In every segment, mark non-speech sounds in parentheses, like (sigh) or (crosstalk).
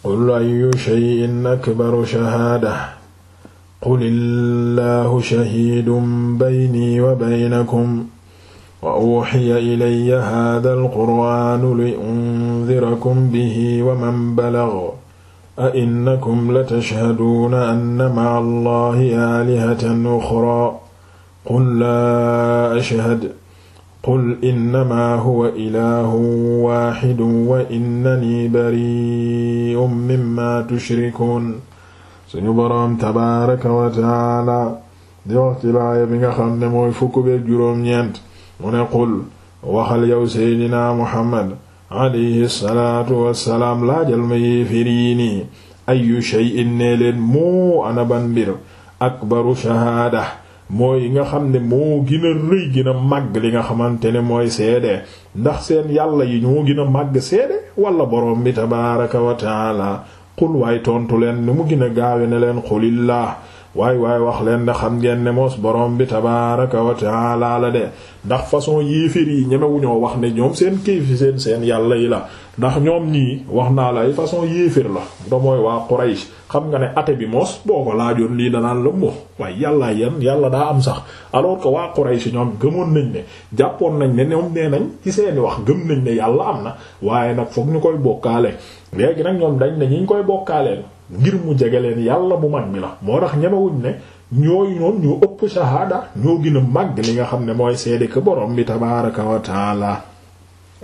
qul ayu shay'in akbaru shahaada qul illaahu shahidun bayni wa baynakum wa uxiya ilayya hada alqur'aanu li undirakum bihi wa man balagha a innakum la tashhaduuna anna ma'a allahi aalihatan uxraa qul laa ashhadu qul innama huwa ilahun waxidun wa innani bari'un mimma tushrikun suñu boroom tabaaraka wa taala di wax ci laaya bi nga xam ne mooy fukk beeg juróom-ñeent mu ne qul waxal yow seydinaa muhammad alayhi salaatu wassalaam laajal ma yéefir yi nii ayu shay'in ne leen moo ana ban mbir akbaru shahaada moo yi nga xam ne moo gën a rëy gën a màgg li nga xamante ne mooy seede ndax seen yàlla yi ñoo gin a màgg seede wala borom bi tabaaraka wa taala xul tontu leen ni mu gin a gaawe ne leen xulillah waaye waaye wax leen da xam ngeen ne moos borom bi tabaaraka wa laa la de ndax façon yéeféer yi ñemewu ñoo wax ne ñoom seen kayfi seen seen yàlla yi la ndax ñoom ñii wax naa la ay façon yéeféer la da mooy waa Quraysh xam nga ne ate bi moos boo ko laa laajoon lii danaan la mo waaye yàllaa yem yàlla daa am sax alors que waa Quraysh ñoom gëmoon nañ ne jàppoon nañ ne ñoom nee nañ ci seeni wax gëm nañ ne yàlla am na waaye nag fokk ñu koy bokkaale léegi nag ngir mu jege leen yàlla bu mag mi la moo tax ñemewuñ ne ñooy noonu ñoo ëpp shahada ñoo gën a li nga xam ne mooy seede ko borom bi tabaaraka wa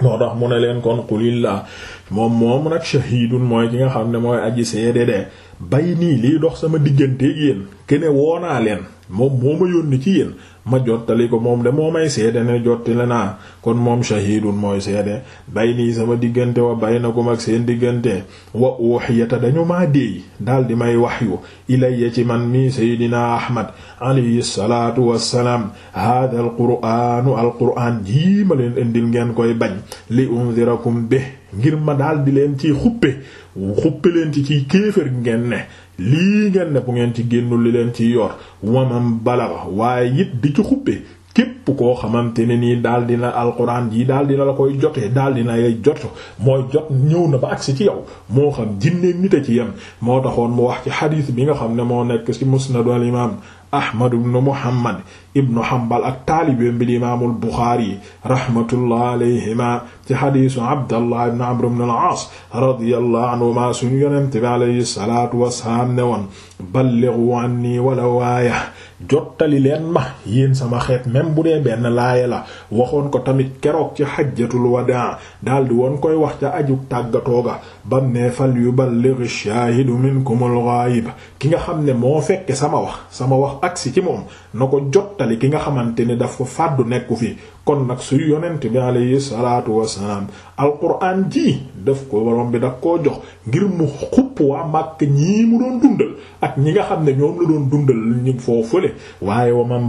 moo tax mu ne leen kon qulillah moom moom nag shahidun mooy ki nga xam ne mooy aji seede de bay nii liy dox sama diggante yéen kene woo naa leen moom moo ma yónni ci yéen ma jottali ko moom de moo may seede ne jottali naa kon moom shahidun mooy seede bay nii sama diggante wa bay na ko mag seen diggante wa uhiyata dañu maa déey daal di may waxyu ilayya ci man mii saydina ahmad alayhi salaatu wassalaam hada al qur'anu al qur'an jii ma leen indil ngeen koy bañ li unzirakum bi ngir ma daal di leen ciy xuppe xuppe leen ci ciy kéefër ngeen ne lii ngeen ne bu ngeen ci génnul li leen ci yor wamam bala waaye it bi ci xuppe képp koo xamante ne nii daal na alxuraan yi daal dina la koy jotee daal dina lay jot mooy jot ñëw na ba agsi ci yow moo xam jinne nit ci yem moo taxoon mu wax ci xadiis bi nga xam ne moo nekk ci musnadu al imaam Ahmad ibn Muhammad ibnu Hanbal ak taalibeem bi di imaamul Buxaari rahmatullah alayhima ci xadiisu Abdallah ibn Amr ibn al-Aas radiyallahu anhuma suñu yonent bi alayhi salaatu wassalaam ne woon ballighu anni walaw aaya jottali leen ma yéen sama xeet même bu dee benn laaya la waxoon ko tamit keroog ci xajjatul wadaa daldi woon koy wax ca ajug tàggatoo ga bam ne fal yuballigh shaahidu minkumul ghaayib ki nga xam ne moo fekke sama wax sama wax agsi ci moom na ko jottali nettali ki nga xamante ne daf ko fàddu nekku fi kon nag suy yonent bi alayhi salaatu wassalaam alquran ji daf ko borom bi daf koo jox ngir mu xupp waa màkk ñii mu doon dundal ak ñi nga xam ne ñoom la doon dundal ñu foo fële waaye wa man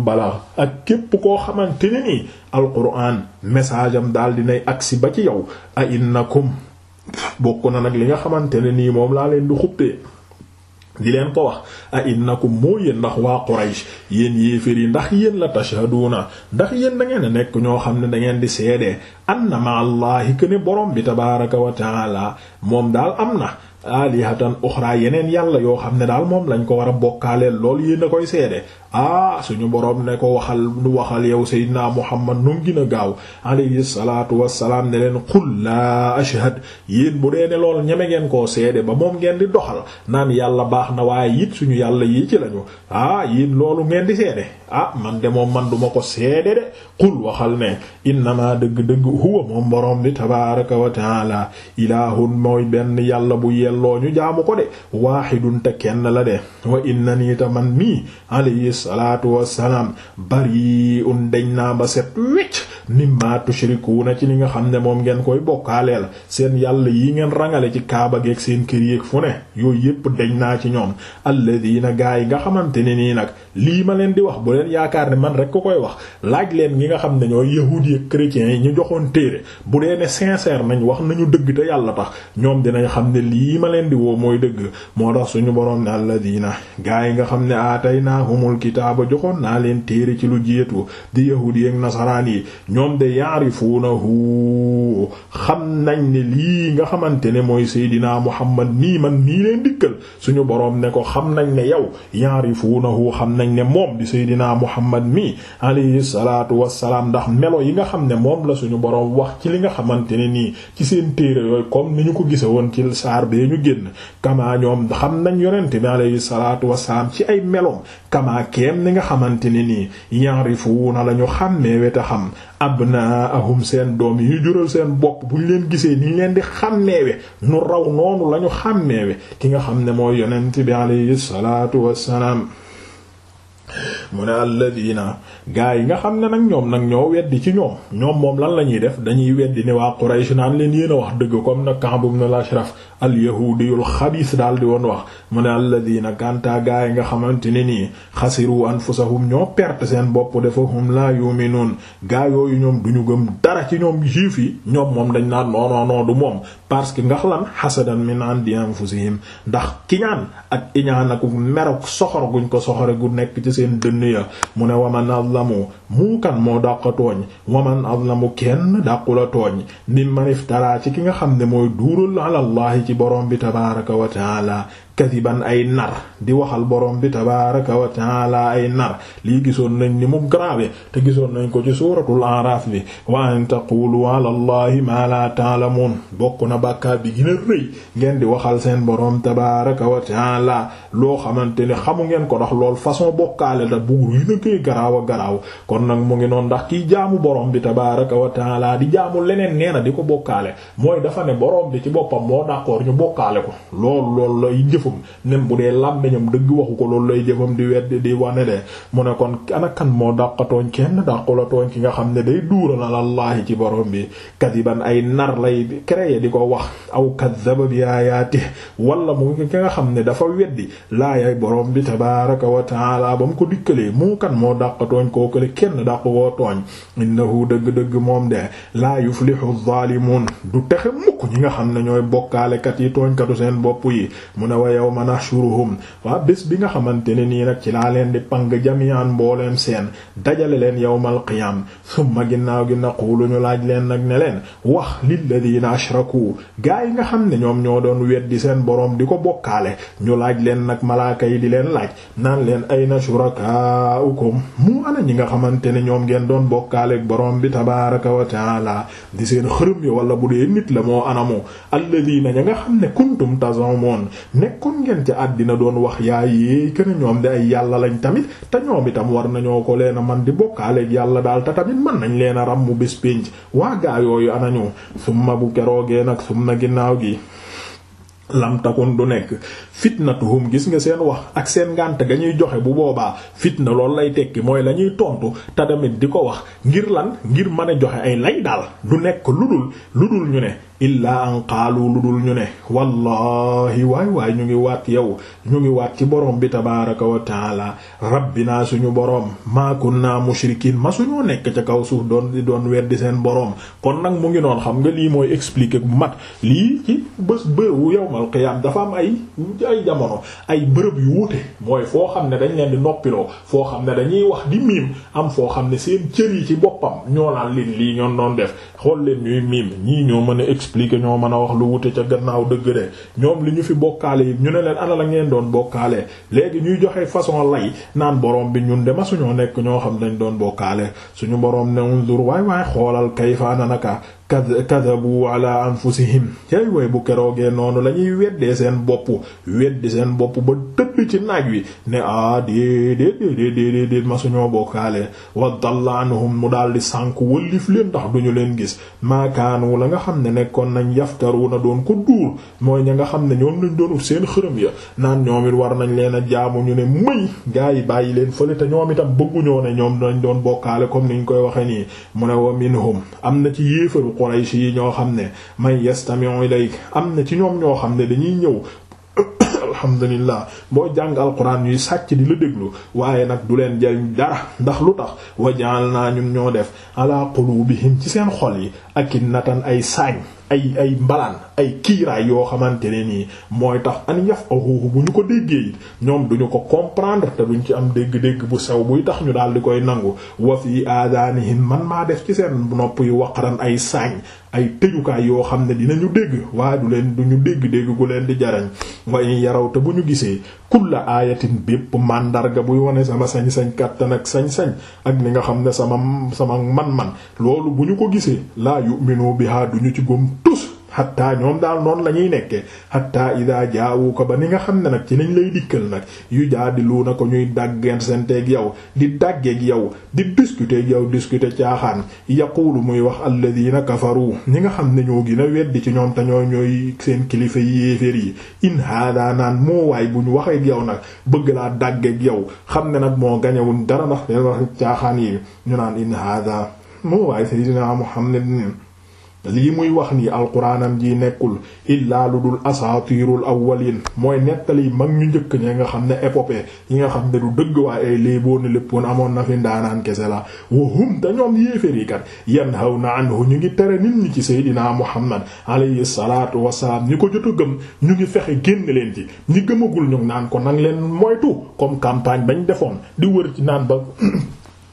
ak képp koo xamante ne nii alquran message am dal daal dinay agsi ba ci yow a innakum bokk na nag li nga xamante ne nii moom laa leen di xubtee di leen ko wax a ko moo yéen ndax waa Quraysh yéen yéefér yi ndax yéen la tashhaduuna ndax yéen da ngeen a nekk ñoo xam ne da ngeen di seede anna ma allahi këne borom bi tabaaraka wa taala moom daal am na alihatan uxra yeneen yàlla yoo xam ne daal moom lañu ko war a bokkaaleel lool yéen a koy seede ah suñu boroom ne ko waxal nu waxal yow sayyidina muhammad nu gën a gaaw alayhi salaatu wassalaam ne leen qul laa ashhad yéen bu dee ne lool ñeme ngeen koo seede ba moom ngeen di doxal naan yàlla baax na waaye it suñu yàlla yi ci lañu ah yéen loolu ngeen di seede ah man de moom man duma ko seede de qul waxal ne naa dëgg-dëgg huwa moom boroom bi tabaaraka wa taala mooy benn yàlla bu yelloo ñu jaamu ko de waahidun te kenn la de wa innani salaatu wassalaam bari'un dañ naa ba set wecc mimma tushrikuuna ci li nga xam ne moom ngeen koy bokkaaleel seen yàlla yi ngeen rangale ci kaaba geek seen kër yéeg fu ne yooyu yépp deñ naa ci ñoom alladina gaa yi nga xamante ne nii nag lii ma leen di wax bu yaakaar ne man rek ko koy wax laaj leen ngi nga xam ne ñooy yahuudi ak chrétiens yi ñu joxoon téere bu dee ne sincère nañ wax nañu dëgg te yàlla tax ñoom dinañ xam ne lii ma leen di woo mooy dëgg moo tax suñu boroom ne alladina gaa yi nga xam ne naa aataynaahumul kitaaba joxoon naa leen téere ci lu jiitu di yahuudi ak nasaraan yi ñoom de yaarifuunahu xam nañ ne lii nga xamante ne mooy Seydina Muhammad nii man nii leen dikkal suñu boroom ne ko xam nañ ne yow yaarifuunahu xam nañ ne moom di Seydina Muhammad mi alayhi salaatu wassalaam ndax melo yi nga xam ne moom la suñu boroom wax ci li nga xamante ne nii ci seen téere yooyu comme ni ñu ko gise woon ci saar bee ñu génn kamaa ñoom xam nañ yonente bi alayhi salaatu wassalaam ci ay meloom kamaa keem ni nga xamante ne nii yaarifuuna la ñu xàmmee weta xam abnaahum seen doom yi ñu jural seen bopp bu ñu leen gisee ni ñu leen di xàmmeewe nu raw noonu la xàmmeewe ki nga xam ne moo yonent bi alayhi salaatu wassalaam mu ne alladina gaa yi nga xam ne nag ñoom nag ñoo weddi ci ñoom ñoom moom lan la ñuy def dañuy weddi ne waa Quraysh naan leen yéen wax dëgg comme nag Ka'b ibn al-Ashraf alyahudiyul xabiis daal di woon wax mu ne alladina kanta gaay nga xamante ne nii xasiru anfusahum ñoo perte seen bopp dafa hum la yuminuun gaa yu ñoom duñu gëm dara ci ñoom juif yi ñoom moom dañu naan non du moom parce que ngax lan xasadan min indi anfusihim ndax kiñaan ak iñaan ak merok soxor guñ ko soxore gu nekk ci seen dënn ya mu ne waman azlamu mu kan moo dàqa tooñ waman azlamu kenn dàqula tooñ ni maniftara ci ki nga xam ne mooy duurul ala ci borom bi tabaaraka wa taala kadiban ay nar di waxal borom bi tabaaraka wa taala ay nar lii gisoon nañ ni mu grave te gisoon nañ ko ci suuratul Aaraaf bi wa an taqulu ala ma la ta'lamun bokk na bàkkaar bi gën rëy ngeen di waxal seen borom tabaaraka wa taala loo xamante ne xamu ngeen ko ndax lool façon bokkaale da bu yi na koy garaaw a garaaw kon nag mu ngi noon ndax kiy jaamu borom bi tabaaraka wa taala di jaamu leneen nee di ko bokkaale mooy dafa ne borom bi ci boppam moo d'accord ñu jëfam même bu dee làmmiñam dëgg waxu ko loolu lay jëfam di weddi di wane de mu ne kon ana kan moo dàqatooñ kenn dàqula tooñ ki nga xam ne day duuralal allaahi ci borom bi kadiban ay nar lay créer di ko wax aw kadaba bi ayaati wala mu ki nga xam ne dafa weddi laayay borom bi tabaraka wa taala ba mu ko dikkalee mu kan moo dàqatooñ kookale kenn dàq koo tooñ innahu dëgg-dëgg moom de laa yuflihu zaalimuun du texe mukk ñi nga xam ne ñooy bokkaalekat yi tooñkatu seen bopp yi mu ne way ma yawma nahshuruhum waa bés bi nga xamante ne nii nag ci laa leen di pang jami'an mbooleem seen dajale leen yawmal qiyaam summa ginnaaw gi naqulu ñu laaj leen nag ne leen wax na ashraku gaa yi nga xam ne ñoom ñoo doon weddi seen boroom di ko bokkaale ñu laaj leen nag malaaka yi di leen laaj naan leen ayna shurakaa'ukum mu ana ñi nga xamante ne ñoom ngeen doon bokkaaleek boroom bi tabaaraka wa di seen xërëm yi wala bu dee nit la moo anamu alladiina kon ngeen ci àddina doon wax yaa yéey kene ñoom di ay yàlla lañ tamit te ñoom itam war nañoo ko leen a man di bokkaaleeg yàlla daal te tamit mën nañ leen a ràmmu bés pénc waa gaa yooyu anañu summa bu keroogee nag summa ginnaaw gi lam takun du nekk fitnatuhum gis nga seen wax ak seen ngànt ga ñuy joxe bu boobaa fitna loolu lay tekki mooy lañuy tontu te tamit di ko wax ngir lan ngir mën a joxe ay lay daal du nekk lu dul lu dul ñu ne illaa an qaalu lu dul ñu ne wallahi waay waay ñu ngi waat yow ñu ngi waat ci borom bi tabaaraka wa taala rabbinaa suñu borom maa kunnaa mushrikiin ma suñoo nekk ca kaw suuf doon di doon weddi seen boroom kon nag mu ngi noon xam nga lii mooy expliquer bu mat lii ci bés bërëbu yawmal qiyaam dafa am ay ay jamono ay bërëb yu wuute mooy foo xam ne dañ leen di noppiloo foo xam ne dañuy wax di miim am foo xam ne seen cër yi ci boppam ñoo laan leen lii ñoo expliquer ñoo mën a wax lu wute ca gannaaw dëgg de ñoom li ñu fi bokkaale yi ñu ne leen ana la ngeen doon bokkaale léegi ñuy joxe façon lay naan boroom bi ñun de suñoo nekk ñoo xam dañ doon bokkaale suñu boroom ne unzur waay waay xoolal kayifaana ana naka kadabu ala anfusihim cay way bu keroogee noonu la ñuy weddee seen bopp weddi seen bopp ba tëdd ci naaj wi ne ah déedéet déedéet déedéet ma suñoo bokkaale wa dalla anhum mu daal di sànk wëllif leen ndax duñu leen gis maakaanu la nga xam ne nekkoon nañ yaftaru na doon ko duur mooy ña nga xam ne ñoom lañ doon ut seen xërëm ya naan ñoom it war nañ leen a jaamu ñu ne mëy gaa yi bàyyi leen fële te ñoom itam bëgguñoo ne ñoom dañ doon bokkaale comme ni ñu koy waxe nii mu ne wa minhum Quraysh yi ñoo xam ne may yi ilayk am na ci ñoom ñoo xam ne dañuy ñëw (coughs) alhamdulillah boo jàng alquran ñuy sàcc di lu déglu waaye nag du leen jariñ dara ndax lu tax wajaal naa ñun ñoo def ala qulubihim ci seen xol yi akinatan ay saañ ay ay mbalaan ay kiiraay yoo xamante ne nii mooy tax an yaf ahuuhu bu ñu ko déggee it ñoom duñu ko comprendre te duñ ci am dégg-dégg bu sew buy tax ñu daal di koy nangu yi fi aadaanihim man maa def ci seen nopp yu yi waqran ay saañ ay tëjukaay yoo xam ne dinañu dégg waaye du leen duñu dégg dégg gu leen di jarañ waaye yaraw te bu ñu gisee kulla aayatin bépp màndarga buy wane sama sañ-sañ kàttan ak sañ-sañ ak li nga xam ne sama sama man-man loolu bu ñu ko gisee laa yu'minu biha duñu ci gom tus hatta ñoom daal noonu la ñuy nekkee hatta ida ko ba ni nga xam ne nag ci lañ lay dikkal nag yu na ko ñuy dàggeen senteeg yow di dàggeeg yow di discuter ak yow discuter caaxaan yaquulu muy wax alladina kafaru ñi nga xam ne ñoo gën a weddi ci ñoom te ñoo ñooy seen kilifa yi yéeféer yi in haada naan moo waay bu ñu waxeeg yow nag bëgg laa dàggeeg yow xam ne nag moo gañewuñ dara ndax leen wax caaxaan yi ñu naan in haada moo waay xam ne lii muy wax nii alquraanam ji nekkul illaa lu dul asaatiirul awwaliin mooy nettali mag ñu njëkk ñi nga xam ne épopée yi nga xam ne du dëgg waaye ay léeboo ne léppoon amoon na fi ndaanaan kese la wa hum te kat yenn xaw na ànd anhu ñu ngi tere nit ñi ci seydinaa muhammad alayhi salaatu wassalaam ñi ko jot a gëm ñu ngi fexe génn leen ci ñi gëmagul ñu naan ko nang leen moytu comme campagne ba bañ defoon di wër ci naan ba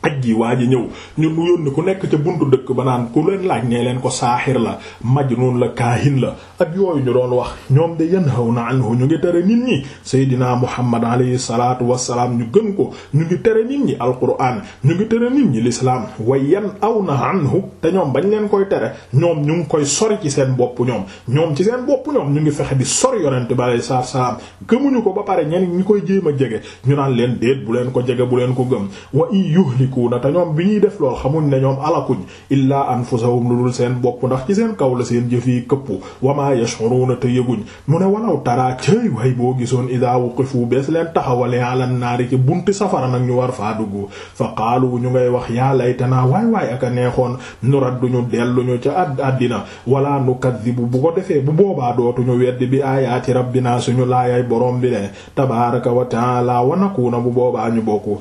aj yi waa ji ñëw ñu yónni ku nekk ca buntu dëkk ba naan ku leen laaj nee leen ko saaxir la majnun la kaahin la ak yooyu ñu doon wax ñoom de yanhawna anhu ñu ngi tere nit ñi seydina muhammad alayhi salaatu wassalaam ñu gën ko ñu ngi tere nit ñi alquran ñu ngi tere nit ñi lislaam wa yanhawna anhu te ñoom bañ leen koy tere ñoom ñu ngi koy sori ci seen bopp ñoom ñoom ci seen bopp ñoom ñu ngi fexe di sori yonent bi alayhi salaatu wassalaam gëmuñu ko ba pare ñenn ñi koy jéem a jege ñu naan leen déet bu leen ko jege bu leen ko gëm wa yuhlik yuhlikuuna te ñoom bi ñuy def lool xamuñ ne ñoom alakuñ illaa anfusahum lu dul seen bopp ndax ci seen kaw la seen jëf yi këppu wa maa yash'uruuna te yëguñ mu ne walaw taraa cëy way boo gisoon idaa wuqifu bees leen taxawale ala naari ci bunti safara nag ñu war faa dugg fa qaalu ñu ngay wax yaa laytanaa waay waay ak a neexoon nu radduñu delluñu ca ad àddina wala nukaddibu bu ko defee bu boobaa dootuñu weddi bi aayaati rabbinaa suñu laayay borom bi ne tabaaraka wa ta'aala wa nakuuna bu boobaa ñu bokku